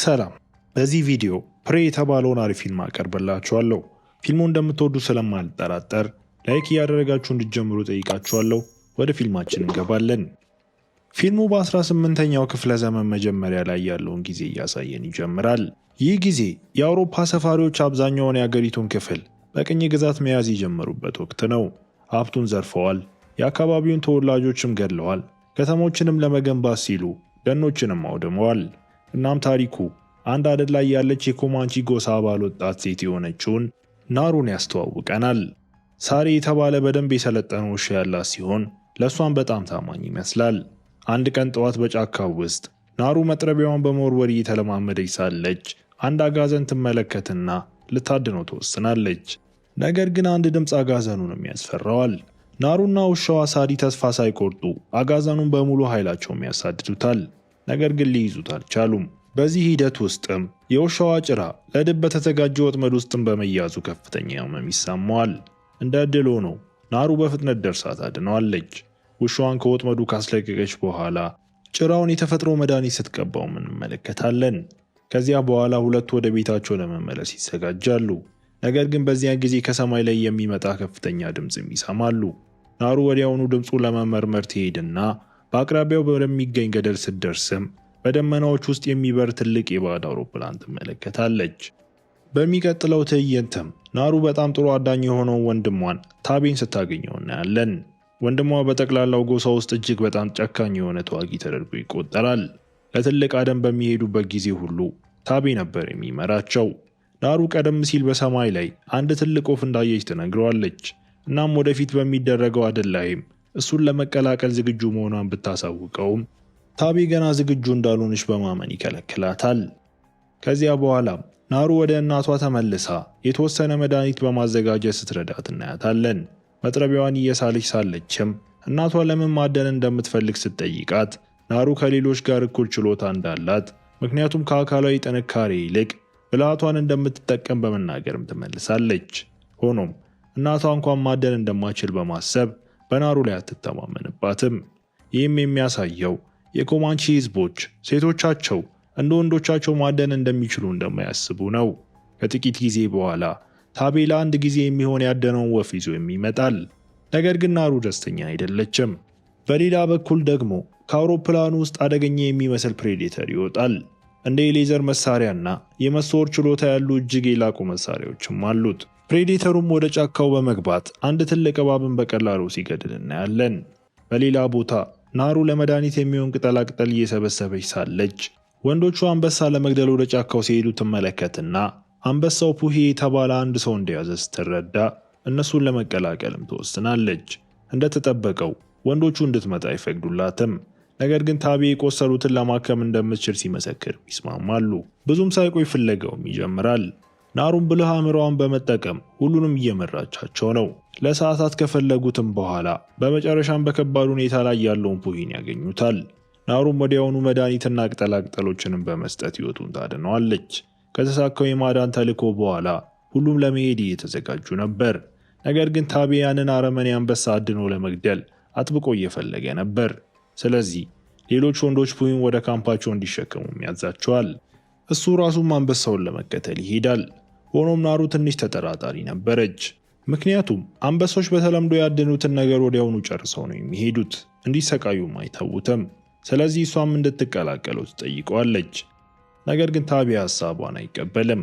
ሰላም። በዚህ ቪዲዮ ፕሬ የተባለውን አሪፍ ፊልም አቀርብላችኋለሁ። ፊልሙ እንደምትወዱ ስለማልጠራጠር ላይክ እያደረጋችሁ እንዲጀምሩ ጠይቃችኋለሁ። ወደ ፊልማችን እንገባለን። ፊልሙ በ18ኛው ክፍለ ዘመን መጀመሪያ ላይ ያለውን ጊዜ እያሳየን ይጀምራል። ይህ ጊዜ የአውሮፓ ሰፋሪዎች አብዛኛውን የአገሪቱን ክፍል በቅኝ ግዛት መያዝ የጀመሩበት ወቅት ነው። ሀብቱን ዘርፈዋል፣ የአካባቢውን ተወላጆችም ገድለዋል። ከተሞችንም ለመገንባት ሲሉ ደኖችንም አውድመዋል። እናም ታሪኩ አንድ አደን ላይ ያለች የኮማንቺ ጎሳ አባል ወጣት ሴት የሆነችውን ናሩን ያስተዋውቀናል። ሳሪ የተባለ በደንብ የሰለጠነ ውሻ ያላት ሲሆን ለእሷን በጣም ታማኝ ይመስላል። አንድ ቀን ጠዋት በጫካው ውስጥ ናሩ መጥረቢያዋን በመወርወር እየተለማመደች ሳለች አንድ አጋዘን ትመለከትና ልታድነው ትወስናለች። ነገር ግን አንድ ድምፅ አጋዘኑንም ያስፈራዋል። ናሩና ውሻዋ ሳሪ ተስፋ ሳይቆርጡ አጋዘኑን በሙሉ ኃይላቸውም ያሳድዱታል። ነገር ግን ሊይዙት አልቻሉም። በዚህ ሂደት ውስጥም የውሻዋ ጭራ ለድብ በተዘጋጀ ወጥመድ ውስጥም በመያዙ ከፍተኛ ህመም ይሰማዋል። እንደ ዕድል ሆኖ ናሩ በፍጥነት ደርሳ ታድነዋለች። ውሻዋን ከወጥመዱ ካስለቀቀች በኋላ ጭራውን የተፈጥሮ መድኃኒት ስትቀባውም እንመለከታለን። ከዚያ በኋላ ሁለቱ ወደ ቤታቸው ለመመለስ ይዘጋጃሉ። ነገር ግን በዚያን ጊዜ ከሰማይ ላይ የሚመጣ ከፍተኛ ድምፅም ይሰማሉ። ናሩ ወዲያውኑ ድምፁ ለመመርመር ትሄድና በአቅራቢያው ወደሚገኝ ገደል ስትደርስም በደመናዎች ውስጥ የሚበር ትልቅ የባዕድ አውሮፕላን ትመለከታለች። በሚቀጥለው ትዕይንትም ናሩ በጣም ጥሩ አዳኝ የሆነውን ወንድሟን ታቤን ስታገኘው እናያለን። ወንድሟ በጠቅላላው ጎሳ ውስጥ እጅግ በጣም ጨካኝ የሆነ ተዋጊ ተደርጎ ይቆጠራል። ለትልቅ አደን በሚሄዱበት ጊዜ ሁሉ ታቤ ነበር የሚመራቸው። ናሩ ቀደም ሲል በሰማይ ላይ አንድ ትልቅ ወፍ እንዳየች ትነግረዋለች። እናም ወደፊት በሚደረገው አደን ላይም እሱን ለመቀላቀል ዝግጁ መሆኗን ብታሳውቀውም ታቢ ገና ዝግጁ እንዳልሆነች በማመን ይከለክላታል። ከዚያ በኋላም ናሩ ወደ እናቷ ተመልሳ የተወሰነ መድኃኒት በማዘጋጀት ስትረዳት እናያታለን። መጥረቢያዋን እየሳለች ሳለችም እናቷ ለምን ማደን እንደምትፈልግ ስትጠይቃት ናሩ ከሌሎች ጋር እኩል ችሎታ እንዳላት ምክንያቱም ከአካላዊ ጥንካሬ ይልቅ ብልሃቷን እንደምትጠቀም በመናገርም ትመልሳለች። ሆኖም እናቷ እንኳን ማደን እንደማችል በማሰብ በናሩ ላይ አትተማመንባትም። ይህም የሚያሳየው የኮማንቺ ህዝቦች ሴቶቻቸው እንደ ወንዶቻቸው ማደን እንደሚችሉ እንደማያስቡ ነው። ከጥቂት ጊዜ በኋላ ታቤላ አንድ ጊዜ የሚሆን ያደነውን ወፍ ይዞ ይመጣል። ነገር ግን ናሩ ደስተኛ አይደለችም። በሌላ በኩል ደግሞ ከአውሮፕላኑ ውስጥ አደገኛ የሚመስል ፕሬዴተር ይወጣል። እንደ የሌዘር መሳሪያና የመስወር ችሎታ ያሉ እጅግ የላቁ መሳሪያዎችም አሉት። ፕሬዴተሩም ወደ ጫካው በመግባት አንድ ትልቅ እባብን በቀላሉ ሲገድል እናያለን። በሌላ ቦታ ናሩ ለመድኃኒት የሚሆን ቅጠላቅጠል እየሰበሰበች ሳለች ወንዶቹ አንበሳ ለመግደል ወደ ጫካው ሲሄዱ ትመለከትና አንበሳው ፑሄ የተባለ አንድ ሰው እንደያዘ ስትረዳ እነሱን ለመቀላቀልም ትወስናለች። እንደተጠበቀው ወንዶቹ እንድትመጣ አይፈቅዱላትም። ነገር ግን ታቢ የቆሰሉትን ለማከም እንደምትችል ሲመሰክር ይስማማሉ። ብዙም ሳይቆይ ፍለጋውም ይጀምራል። ናሩን ብልህ አእምሮዋን በመጠቀም ሁሉንም እየመራቻቸው ነው። ለሰዓታት ከፈለጉትም በኋላ በመጨረሻም በከባድ ሁኔታ ላይ ያለውን ፑሂን ያገኙታል። ናሩም ወዲያውኑ መድኃኒትና ቅጠላቅጠሎችንም በመስጠት ህይወቱን ታድነዋለች። ከተሳካው የማዳን ተልዕኮ በኋላ ሁሉም ለመሄድ እየተዘጋጁ ነበር። ነገር ግን ታቢያንን አረመኔ አንበሳ አድኖ ለመግደል አጥብቆ እየፈለገ ነበር። ስለዚህ ሌሎች ወንዶች ፑሂን ወደ ካምፓቸው እንዲሸከሙም ያዛቸዋል። እሱ ራሱም አንበሳውን ለመከተል ይሄዳል። ሆኖም ናሩ ትንሽ ተጠራጣሪ ነበረች። ምክንያቱም አንበሶች በተለምዶ ያደኑትን ነገር ወዲያውኑ ጨርሰው ነው የሚሄዱት፣ እንዲሰቃዩም አይተዉትም። ስለዚህ እሷም እንድትቀላቀለው ትጠይቀዋለች። ነገር ግን ታቢያ ሀሳቧን አይቀበልም።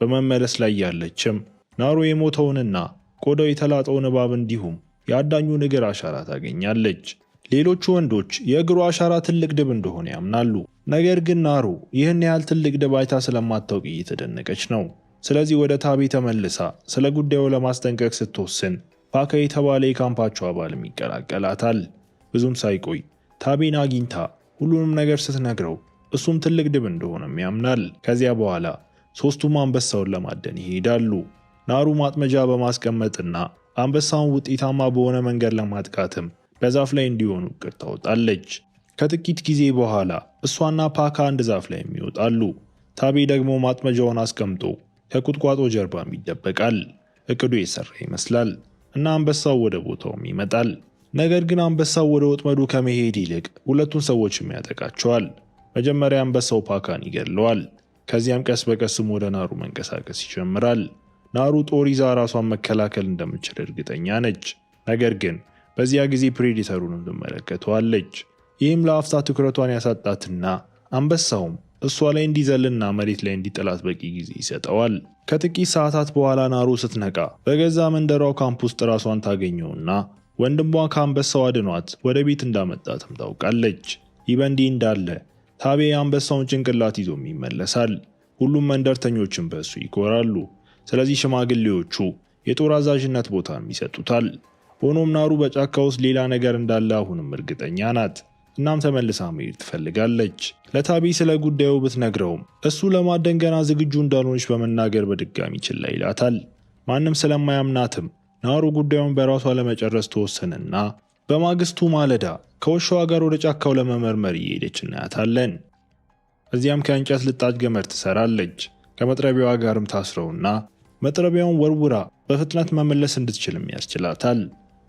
በመመለስ ላይ ያለችም ናሩ የሞተውንና ቆዳው የተላጠውን እባብ እንዲሁም የአዳኙን እግር አሻራ ታገኛለች። ሌሎቹ ወንዶች የእግሩ አሻራ ትልቅ ድብ እንደሆነ ያምናሉ። ነገር ግን ናሩ ይህን ያህል ትልቅ ድብ አይታ ስለማታውቅ እየተደነቀች ነው። ስለዚህ ወደ ታቢ ተመልሳ ስለ ጉዳዩ ለማስጠንቀቅ ስትወስን ፓካ የተባለ የካምፓቸው አባልም ይቀላቀላታል። ብዙም ሳይቆይ ታቢን አግኝታ ሁሉንም ነገር ስትነግረው እሱም ትልቅ ድብ እንደሆነም ያምናል። ከዚያ በኋላ ሶስቱም አንበሳውን ለማደን ይሄዳሉ። ናሩ ማጥመጃ በማስቀመጥና አንበሳውን ውጤታማ በሆነ መንገድ ለማጥቃትም በዛፍ ላይ እንዲሆኑ እቅድ ታወጣለች። ከጥቂት ጊዜ በኋላ እሷና ፓካ አንድ ዛፍ ላይ ይወጣሉ። ታቢ ደግሞ ማጥመጃውን አስቀምጦ ከቁጥቋጦ ጀርባም ይደበቃል። እቅዱ የሰራ ይመስላል እና አንበሳው ወደ ቦታውም ይመጣል። ነገር ግን አንበሳው ወደ ወጥመዱ ከመሄድ ይልቅ ሁለቱን ሰዎችም ያጠቃቸዋል። መጀመሪያ አንበሳው ፓካን ይገድለዋል። ከዚያም ቀስ በቀስም ወደ ናሩ መንቀሳቀስ ይጀምራል። ናሩ ጦር ይዛ ራሷን መከላከል እንደምችል እርግጠኛ ነች። ነገር ግን በዚያ ጊዜ ፕሬዲተሩን ትመለከተዋለች። ይህም ለአፍታ ትኩረቷን ያሳጣትና አንበሳውም እሷ ላይ እንዲዘልና መሬት ላይ እንዲጥላት በቂ ጊዜ ይሰጠዋል። ከጥቂት ሰዓታት በኋላ ናሩ ስትነቃ በገዛ መንደሯ ካምፕ ውስጥ ራሷን ታገኘውና ወንድሟ ከአንበሳው አድኗት ወደ ቤት እንዳመጣትም ታውቃለች። ይህ በእንዲህ እንዳለ ታቤ የአንበሳውን ጭንቅላት ይዞም ይመለሳል። ሁሉም መንደርተኞችን በእሱ ይኮራሉ። ስለዚህ ሽማግሌዎቹ የጦር አዛዥነት ቦታም ይሰጡታል። ሆኖም ናሩ በጫካ ውስጥ ሌላ ነገር እንዳለ አሁንም እርግጠኛ ናት። እናም ተመልሳ መሄድ ትፈልጋለች። ለታቢ ስለ ጉዳዩ ብትነግረውም እሱ ለማደን ገና ዝግጁ እንዳልሆነች በመናገር በድጋሚ ችላ ይላታል። ማንም ስለማያምናትም ናሩ ጉዳዩን በራሷ ለመጨረስ ተወሰንና በማግስቱ ማለዳ ከውሻዋ ጋር ወደ ጫካው ለመመርመር እየሄደች እናያታለን። እዚያም ከእንጨት ልጣጭ ገመድ ትሰራለች። ከመጥረቢያዋ ጋርም ታስረውና መጥረቢያውን ወርውራ በፍጥነት መመለስ እንድትችልም ያስችላታል።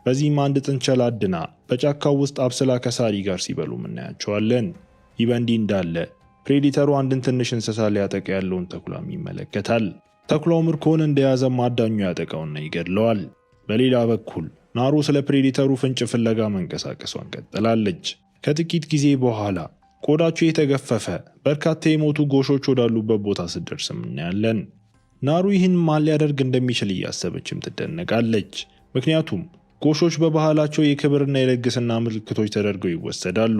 በዚህም አንድ ጥንቸል አድና በጫካው ውስጥ አብስላ ከሳሪ ጋር ሲበሉም እናያቸዋለን። ይህ በእንዲህ እንዳለ ፕሬዲተሩ አንድን ትንሽ እንስሳ ሊያጠቃ ያለውን ተኩላም ይመለከታል። ተኩላው ምርኮን እንደያዘም አዳኙ ያጠቃውና ይገድለዋል። በሌላ በኩል ናሩ ስለ ፕሬዲተሩ ፍንጭ ፍለጋ መንቀሳቀሷን ቀጥላለች። ከጥቂት ጊዜ በኋላ ቆዳቸው የተገፈፈ በርካታ የሞቱ ጎሾች ወዳሉበት ቦታ ስትደርስም እናያለን። ናሩ ይህን ማን ሊያደርግ እንደሚችል እያሰበችም ትደነቃለች። ምክንያቱም ጎሾች በባህላቸው የክብርና የልግስና ምልክቶች ተደርገው ይወሰዳሉ።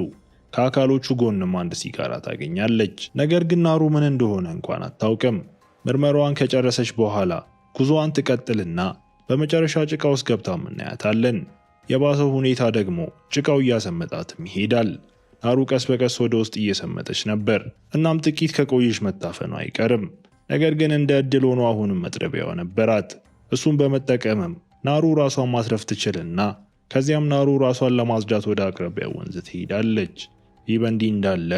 ከአካሎቹ ጎንም አንድ ሲጋራ ታገኛለች። ነገር ግን ናሩ ምን እንደሆነ እንኳን አታውቅም። ምርመራዋን ከጨረሰች በኋላ ጉዞዋን ትቀጥልና በመጨረሻ ጭቃ ውስጥ ገብታም እናያታለን። የባሰው ሁኔታ ደግሞ ጭቃው እያሰመጣትም ይሄዳል። ናሩ ቀስ በቀስ ወደ ውስጥ እየሰመጠች ነበር። እናም ጥቂት ከቆየች መታፈኗ አይቀርም። ነገር ግን እንደ እድል ሆኖ አሁንም መጥረቢያዋ ነበራት። እሱን በመጠቀምም ናሩ ራሷን ማስረፍ ትችልና ከዚያም ናሩ ራሷን ለማጽዳት ወደ አቅራቢያ ወንዝ ትሄዳለች። ይህ በእንዲህ እንዳለ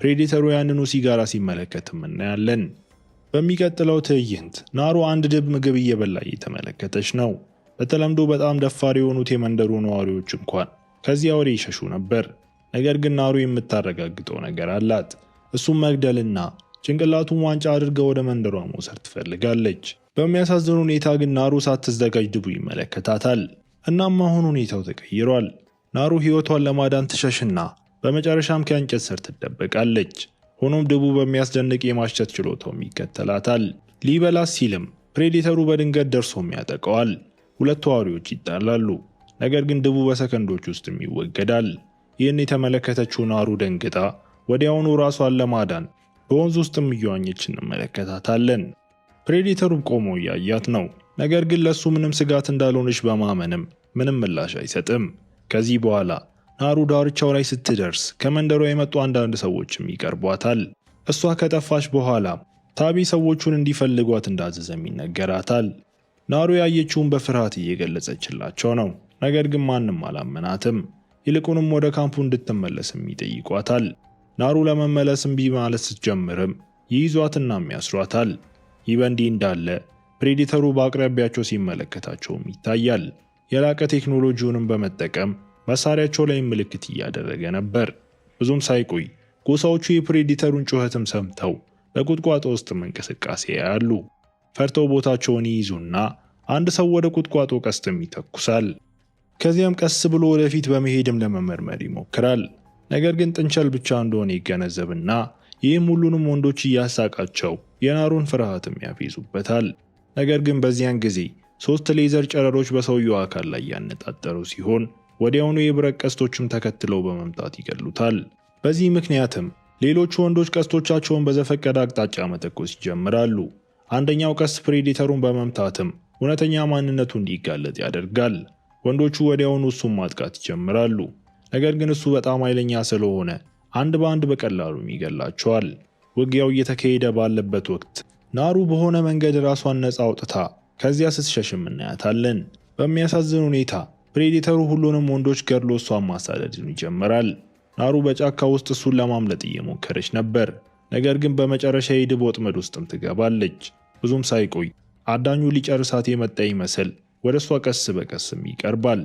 ፕሬዴተሩ ያንኑ ሲጋራ ሲመለከትም እናያለን። በሚቀጥለው ትዕይንት ናሩ አንድ ድብ ምግብ እየበላ እየተመለከተች ነው። በተለምዶ በጣም ደፋር የሆኑት የመንደሩ ነዋሪዎች እንኳን ከዚያ አውሬ ይሸሹ ነበር። ነገር ግን ናሩ የምታረጋግጠው ነገር አላት። እሱም መግደልና ጭንቅላቱን ዋንጫ አድርጋ ወደ መንደሯ መውሰድ ትፈልጋለች። በሚያሳዝን ሁኔታ ግን ናሩ ሳትዘጋጅ ድቡ ይመለከታታል። እናም አሁን ሁኔታው ተቀይሯል። ናሩ ሕይወቷን ለማዳን ትሸሽና በመጨረሻም ከእንጨት ስር ትደበቃለች። ሆኖም ድቡ በሚያስደንቅ የማሸት ችሎታውም ይከተላታል። ሊበላስ ሲልም ፕሬዴተሩ በድንገት ደርሶም ያጠቀዋል። ሁለቱ ተዋሪዎች ይጣላሉ። ነገር ግን ድቡ በሰከንዶች ውስጥም ይወገዳል። ይህን የተመለከተችው ናሩ ደንግጣ ወዲያውኑ ራሷን ለማዳን በወንዝ ውስጥም እየዋኘች እንመለከታታለን። ፕሬዲተሩም ቆሞ እያያት ነው። ነገር ግን ለእሱ ምንም ስጋት እንዳልሆነች በማመንም ምንም ምላሽ አይሰጥም። ከዚህ በኋላ ናሩ ዳርቻው ላይ ስትደርስ ከመንደሯ የመጡ አንዳንድ ሰዎችም ይቀርቧታል። እሷ ከጠፋች በኋላ ታቢ ሰዎቹን እንዲፈልጓት እንዳዘዘም ይነገራታል። ናሩ ያየችውን በፍርሃት እየገለጸችላቸው ነው። ነገር ግን ማንም አላመናትም። ይልቁንም ወደ ካምፑ እንድትመለስም ይጠይቋታል። ናሩ ለመመለስ እምቢ ማለት ስትጀምርም ይይዟትና ያስሯታል። ይህ በእንዲህ እንዳለ ፕሬዲተሩ በአቅራቢያቸው ሲመለከታቸውም ይታያል። የላቀ ቴክኖሎጂውንም በመጠቀም መሳሪያቸው ላይ ምልክት እያደረገ ነበር። ብዙም ሳይቆይ ጎሳዎቹ የፕሬዲተሩን ጩኸትም ሰምተው በቁጥቋጦ ውስጥም እንቅስቃሴ ያያሉ። ፈርተው ቦታቸውን ይይዙና አንድ ሰው ወደ ቁጥቋጦ ቀስትም ይተኩሳል። ከዚያም ቀስ ብሎ ወደፊት በመሄድም ለመመርመር ይሞክራል። ነገር ግን ጥንቸል ብቻ እንደሆነ ይገነዘብና ይህም ሁሉንም ወንዶች እያሳቃቸው የናሩን ፍርሃትም ያፌዙበታል። ነገር ግን በዚያን ጊዜ ሶስት ሌዘር ጨረሮች በሰውየው አካል ላይ ያነጣጠሩ ሲሆን ወዲያውኑ የብረት ቀስቶችም ተከትለው በመምጣት ይገሉታል። በዚህ ምክንያትም ሌሎቹ ወንዶች ቀስቶቻቸውን በዘፈቀደ አቅጣጫ መተኮስ ይጀምራሉ። አንደኛው ቀስት ፕሬዲተሩን በመምታትም እውነተኛ ማንነቱ እንዲጋለጥ ያደርጋል። ወንዶቹ ወዲያውኑ እሱን ማጥቃት ይጀምራሉ። ነገር ግን እሱ በጣም ኃይለኛ ስለሆነ አንድ በአንድ በቀላሉም ይገላቸዋል። ውጊያው እየተካሄደ ባለበት ወቅት ናሩ በሆነ መንገድ ራሷን ነፃ አውጥታ ከዚያ ስትሸሽም እናያታለን። በሚያሳዝን ሁኔታ ፕሬዴተሩ ሁሉንም ወንዶች ገድሎ እሷን ማሳደድን ይጀምራል። ናሩ በጫካ ውስጥ እሱን ለማምለጥ እየሞከረች ነበር። ነገር ግን በመጨረሻ የድብ ወጥመድ ውስጥም ትገባለች። ብዙም ሳይቆይ አዳኙ ሊጨርሳት የመጣ ይመስል ወደ እሷ ቀስ በቀስም ይቀርባል።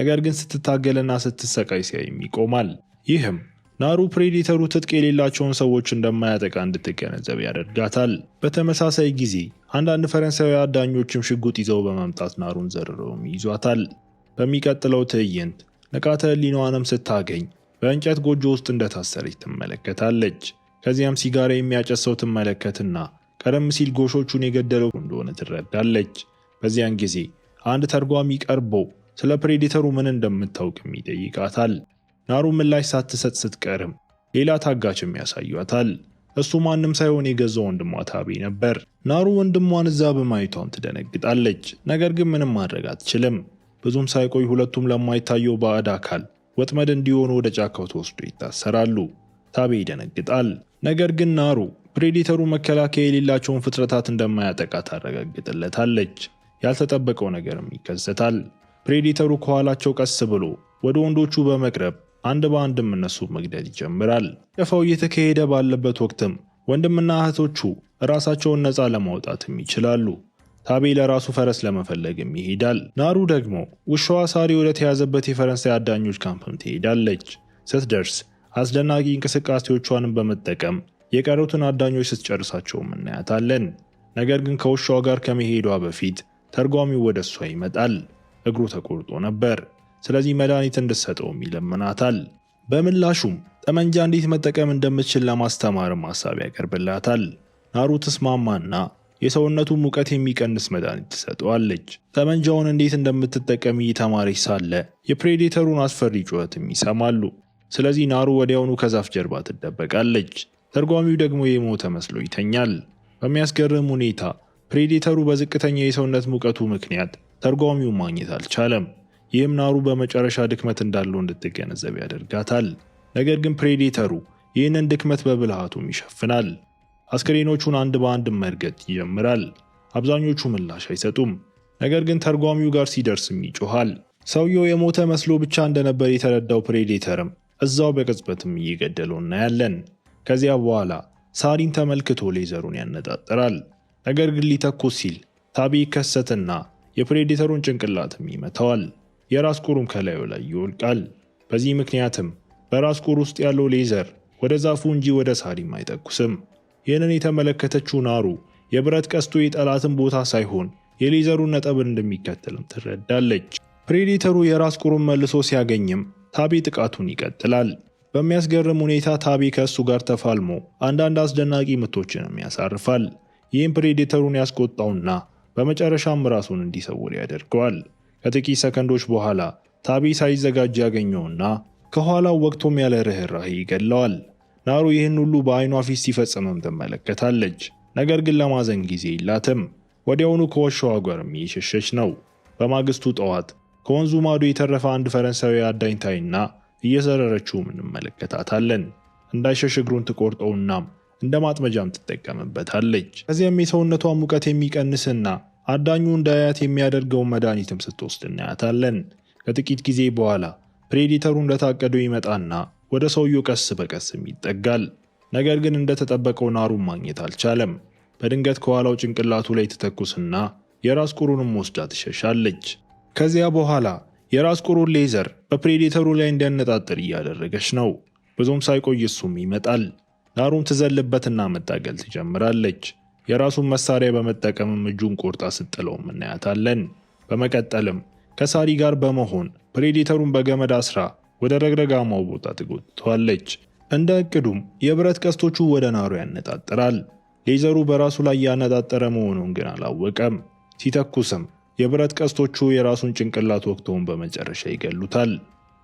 ነገር ግን ስትታገልና ስትሰቃይ ሲያይም ይቆማል። ይህም ናሩ ፕሬዲተሩ ትጥቅ የሌላቸውን ሰዎች እንደማያጠቃ እንድትገነዘብ ያደርጋታል። በተመሳሳይ ጊዜ አንዳንድ ፈረንሳዊ አዳኞችም ሽጉጥ ይዘው በመምጣት ናሩን ዘርረውም ይዟታል። በሚቀጥለው ትዕይንት ንቃተ ሕሊናዋንም ስታገኝ በእንጨት ጎጆ ውስጥ እንደታሰረች ትመለከታለች። ከዚያም ሲጋራ የሚያጨሰው ትመለከትና ቀደም ሲል ጎሾቹን የገደለው እንደሆነ ትረዳለች። በዚያን ጊዜ አንድ ተርጓሚ ቀርቦ ስለ ፕሬዲተሩ ምን እንደምታውቅም ይጠይቃታል። ናሩ ምላሽ ሳትሰጥ ስትቀርም ሌላ ታጋችም ያሳዩታል። እሱ ማንም ሳይሆን የገዛው ወንድሟ ታቤ ነበር። ናሩ ወንድሟን እዛ በማየቷም ትደነግጣለች። ነገር ግን ምንም ማድረግ አትችልም። ብዙም ሳይቆይ ሁለቱም ለማይታየው ባዕድ አካል ወጥመድ እንዲሆኑ ወደ ጫካው ተወስዶ ይታሰራሉ። ታቤ ይደነግጣል። ነገር ግን ናሩ ፕሬዲተሩ መከላከያ የሌላቸውን ፍጥረታት እንደማያጠቃ ታረጋግጥለታለች። ያልተጠበቀው ነገርም ይከሰታል። ፕሬዲተሩ ከኋላቸው ቀስ ብሎ ወደ ወንዶቹ በመቅረብ አንድ በአንድም እነሱ መግደል ይጀምራል። ደፋው እየተካሄደ ባለበት ወቅትም ወንድምና እህቶቹ ራሳቸውን ነፃ ለማውጣትም ይችላሉ። ታቤ ለራሱ ፈረስ ለመፈለግም ይሄዳል። ናሩ ደግሞ ውሻዋ ሳሪ ወደ ተያዘበት የፈረንሳይ አዳኞች ካምፕም ትሄዳለች። ስትደርስ አስደናቂ እንቅስቃሴዎቿንም በመጠቀም የቀሩትን አዳኞች ስትጨርሳቸውም እናያታለን። ነገር ግን ከውሻዋ ጋር ከመሄዷ በፊት ተርጓሚው ወደ እሷ ይመጣል። እግሩ ተቆርጦ ነበር። ስለዚህ መድኃኒት እንድትሰጠውም ይለምናታል። በምላሹም ጠመንጃ እንዴት መጠቀም እንደምትችል ለማስተማርም ሀሳብ ያቀርብላታል። ናሩ ትስማማና የሰውነቱ ሙቀት የሚቀንስ መድኃኒት ትሰጠዋለች። ጠመንጃውን እንዴት እንደምትጠቀም እየተማረች ሳለ የፕሬዴተሩን አስፈሪ ጩኸትም ይሰማሉ። ስለዚህ ናሩ ወዲያውኑ ከዛፍ ጀርባ ትደበቃለች። ተርጓሚው ደግሞ የሞተ መስሎ ይተኛል። በሚያስገርም ሁኔታ ፕሬዴተሩ በዝቅተኛ የሰውነት ሙቀቱ ምክንያት ተርጓሚውን ማግኘት አልቻለም። ይህም ናሩ በመጨረሻ ድክመት እንዳለው እንድትገነዘብ ያደርጋታል። ነገር ግን ፕሬዴተሩ ይህንን ድክመት በብልሃቱም ይሸፍናል። አስክሬኖቹን አንድ በአንድ መርገጥ ይጀምራል። አብዛኞቹ ምላሽ አይሰጡም። ነገር ግን ተርጓሚው ጋር ሲደርስም ይጮኋል። ሰውየው የሞተ መስሎ ብቻ እንደነበር የተረዳው ፕሬዴተርም እዛው በቅጽበትም እየገደለው እናያለን። ከዚያ በኋላ ሳሪን ተመልክቶ ሌዘሩን ያነጣጥራል። ነገር ግን ሊተኩስ ሲል ታቢ ይከሰትና የፕሬዴተሩን ጭንቅላትም ይመታዋል። የራስ ቁሩም ከላዩ ላይ ይወልቃል። በዚህ ምክንያትም በራስ ቁር ውስጥ ያለው ሌዘር ወደ ዛፉ እንጂ ወደ ሳሪም አይጠቁስም። ይህንን የተመለከተችው ናሩ የብረት ቀስቱ የጠላትን ቦታ ሳይሆን የሌዘሩን ነጥብን እንደሚከተልም ትረዳለች። ፕሬዲተሩ የራስ ቁሩን መልሶ ሲያገኝም ታቤ ጥቃቱን ይቀጥላል። በሚያስገርም ሁኔታ ታቤ ከእሱ ጋር ተፋልሞ አንዳንድ አስደናቂ ምቶችንም ያሳርፋል። ይህም ፕሬዲተሩን ያስቆጣውና በመጨረሻም ራሱን እንዲሰውር ያደርገዋል። ከጥቂት ሰከንዶች በኋላ ታቢ ሳይዘጋጅ ያገኘውና ከኋላው ወቅቶም ያለ ርኅራኄ ይገለዋል። ናሩ ይህን ሁሉ በአይኗ ፊት ሲፈጽምም ትመለከታለች። ነገር ግን ለማዘን ጊዜ የላትም። ወዲያውኑ ከወሸዋ ጓርም እየሸሸች ነው። በማግስቱ ጠዋት ከወንዙ ማዶ የተረፈ አንድ ፈረንሳዊ አዳኝ ታይና እየሰረረችውም እንመለከታታለን። እንዳይሸሽ እግሩን ትቆርጠውናም እንደ ማጥመጃም ትጠቀምበታለች። ከዚያም የሰውነቷ ሙቀት የሚቀንስና አዳኙ እንዳያት የሚያደርገውን መድኃኒትም ስትወስድ እናያታለን። ከጥቂት ጊዜ በኋላ ፕሬዲተሩ እንደታቀደው ይመጣና ወደ ሰውየው ቀስ በቀስም ይጠጋል። ነገር ግን እንደተጠበቀው ናሩን ማግኘት አልቻለም። በድንገት ከኋላው ጭንቅላቱ ላይ ትተኩስና የራስ ቁሩንም ወስዳ ትሸሻለች። ከዚያ በኋላ የራስ ቁሩን ሌዘር በፕሬዲተሩ ላይ እንዲያነጣጥር እያደረገች ነው። ብዙም ሳይቆይ እሱም ይመጣል። ናሩም ትዘልበትና መታገል ትጀምራለች። የራሱን መሳሪያ በመጠቀምም እጁን ቆርጣ ስጥለውም እናያታለን። በመቀጠልም ከሳሪ ጋር በመሆን ፕሬዲተሩን በገመድ አስራ ወደ ረግረጋማው ቦታ ትጎትቷለች። እንደ እቅዱም የብረት ቀስቶቹ ወደ ናሩ ያነጣጥራል። ሌዘሩ በራሱ ላይ ያነጣጠረ መሆኑን ግን አላወቀም። ሲተኩስም የብረት ቀስቶቹ የራሱን ጭንቅላት ወቅተውን በመጨረሻ ይገሉታል።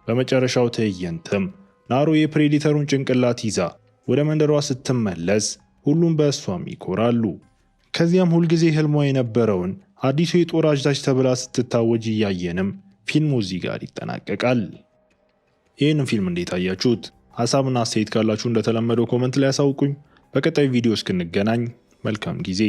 በመጨረሻው ትዕይንትም ናሩ የፕሬዲተሩን ጭንቅላት ይዛ ወደ መንደሯ ስትመለስ ሁሉም በእሷም ይኮራሉ። ከዚያም ሁልጊዜ ህልሟ የነበረውን አዲሱ የጦር አዛዥ ተብላ ስትታወጅ እያየንም ፊልሙ እዚህ ጋር ይጠናቀቃል። ይህንም ፊልም እንዴት አያችሁት? ሀሳብና አስተያየት ካላችሁ እንደተለመደው ኮመንት ላይ ያሳውቁኝ። በቀጣይ ቪዲዮ እስክንገናኝ መልካም ጊዜ